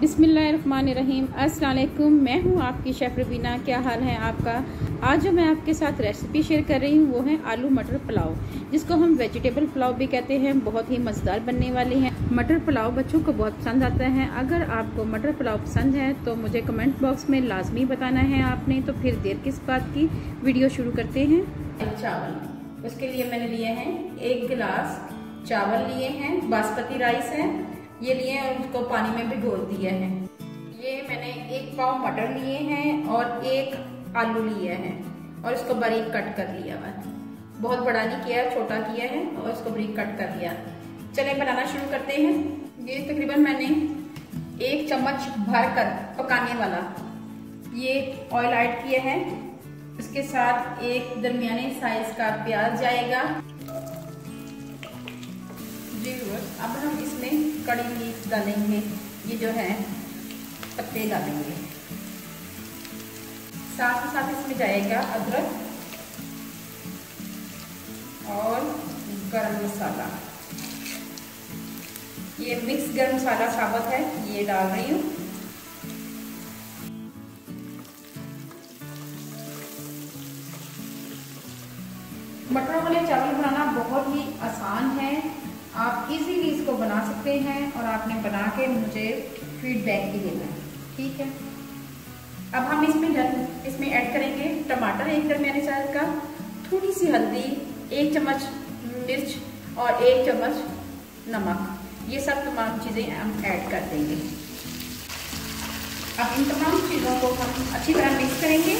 बिसमीम अस्सलाम मैं हूँ आपकी शेफ़ रबीना क्या हाल है आपका आज जो मैं आपके साथ रेसिपी शेयर कर रही हूँ वो है आलू मटर पुलाव जिसको हम वेजिटेबल पुलाव भी कहते हैं बहुत ही मज़ेदार बनने वाली है मटर पुलाव बच्चों को बहुत पसंद आता है अगर आपको मटर पुलाव पसंद है तो मुझे कमेंट बॉक्स में लाजमी बताना है आपने तो फिर देर किस बात की वीडियो शुरू करते हैं चावल उसके लिए मैंने लिए हैं एक गिलास चावल लिए हैं बासमती राइस है ये लिए और उसको पानी में भिगो दिया है ये मैंने एक पाव मटर लिए हैं और एक आलू लिया है और इसको बारीक कट कर लिया हुआ बहुत बड़ा नहीं किया छोटा किया है और इसको बारीक कट कर लिया चले बनाना शुरू करते हैं ये तकरीबन मैंने एक चम्मच भर कर पकाने वाला ये ऑयल ऐड किया है इसके साथ एक दरमियाने साइज का प्याज जाएगा डियर अब हम इसमें कड़ी मिर्च डालेंगे ये जो है पत्ते डालेंगे साथ ही साथ इसमें जाएगा अदरक और गरम मसाला ये मिक्स गरम मसाला साबुत है ये डाल रही हूँ मटरों वाले चावल बनाना बहुत ही आसान है आप इजीली इसको बना सकते हैं और आपने बना के मुझे फीडबैक भी देना है ठीक है अब हम इसमें डन इसमें ऐड करेंगे टमाटर एक मैंने साइज का थोड़ी सी हल्दी एक चम्मच मिर्च और एक चम्मच नमक ये सब तमाम चीज़ें हम ऐड कर देंगे अब इन तमाम चीज़ों को हम अच्छी तरह मिक्स करेंगे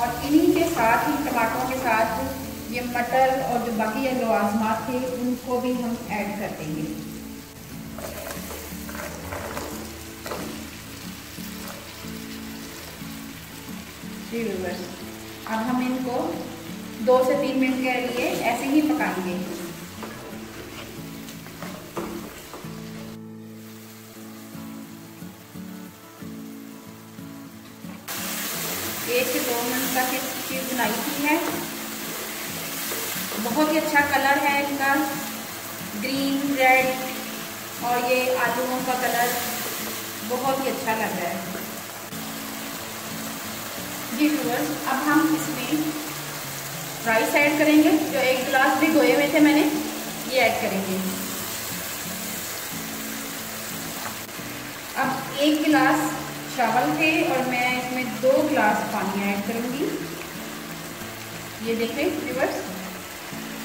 और इन्हीं के साथ ही टमाटरों के साथ ये मटर और जो बाकी लवाजमात थे उनको भी हम ऐड कर देंगे अब हम इनको दो से तीन मिनट के लिए ऐसे ही पकाएंगे एक से दो मिनट तक चीज बनाई थी है बहुत ही अच्छा कलर है इनका ग्रीन रेड और ये आलूओं का कलर बहुत ही अच्छा लग रहा है जी व्यूअर्स अब हम इसमें राइस ऐड करेंगे जो एक गिलास गोए हुए थे मैंने ये ऐड करेंगे अब एक गिलास चावल थे और मैं इसमें दो गिलास पानी ऐड करूँगी ये देखें व्यूअर्स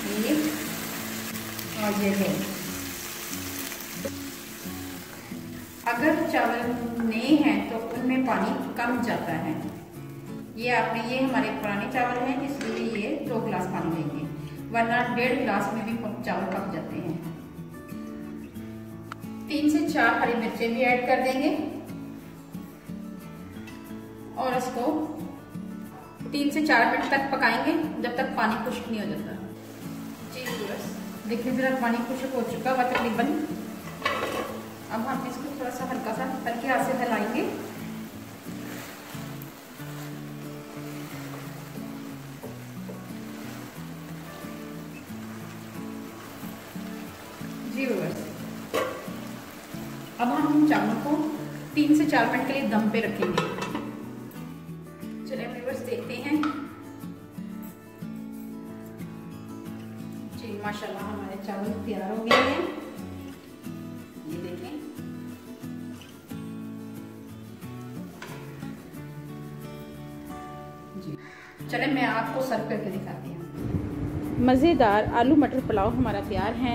और ये जाएगा अगर चावल नए हैं तो उनमें पानी कम जाता है ये आपने ये हमारे पुराने चावल हैं इसलिए ये दो गिलास पानी लेंगे वरना डेढ़ गिलास में भी चावल पक जाते हैं तीन से चार हरी मिर्चे भी ऐड कर देंगे और इसको तीन से चार मिनट तक पकाएंगे जब तक पानी खुश्क नहीं हो जाता देखिए मेरा पानी खुशक हो चुका हुआ तकरीबन अब हम इसको थोड़ा सा हल्का सा हल्के हाथ से हिलाएंगे जी अब हम इन चावल को तीन से चार मिनट के लिए दम पे रखेंगे चले व्यूवर्स देखते माशाल्लाह हमारे चावल तैयार हो गए हैं ये देखें चले मैं आपको सर्व करके दिखाती हूँ मज़ेदार आलू मटर पुलाव हमारा तैयार है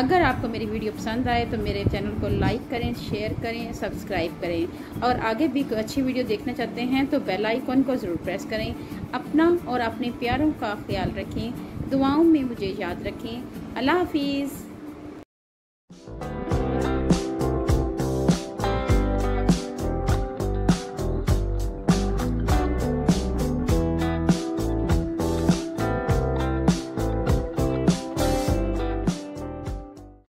अगर आपको मेरी वीडियो पसंद आए तो मेरे चैनल को लाइक करें शेयर करें सब्सक्राइब करें और आगे भी अच्छी वीडियो देखना चाहते हैं तो बेल आइकन को ज़रूर प्रेस करें अपना और अपने प्यारों का ख्याल रखें दुआओं में मुझे याद रखें अल्लाह हाफिज़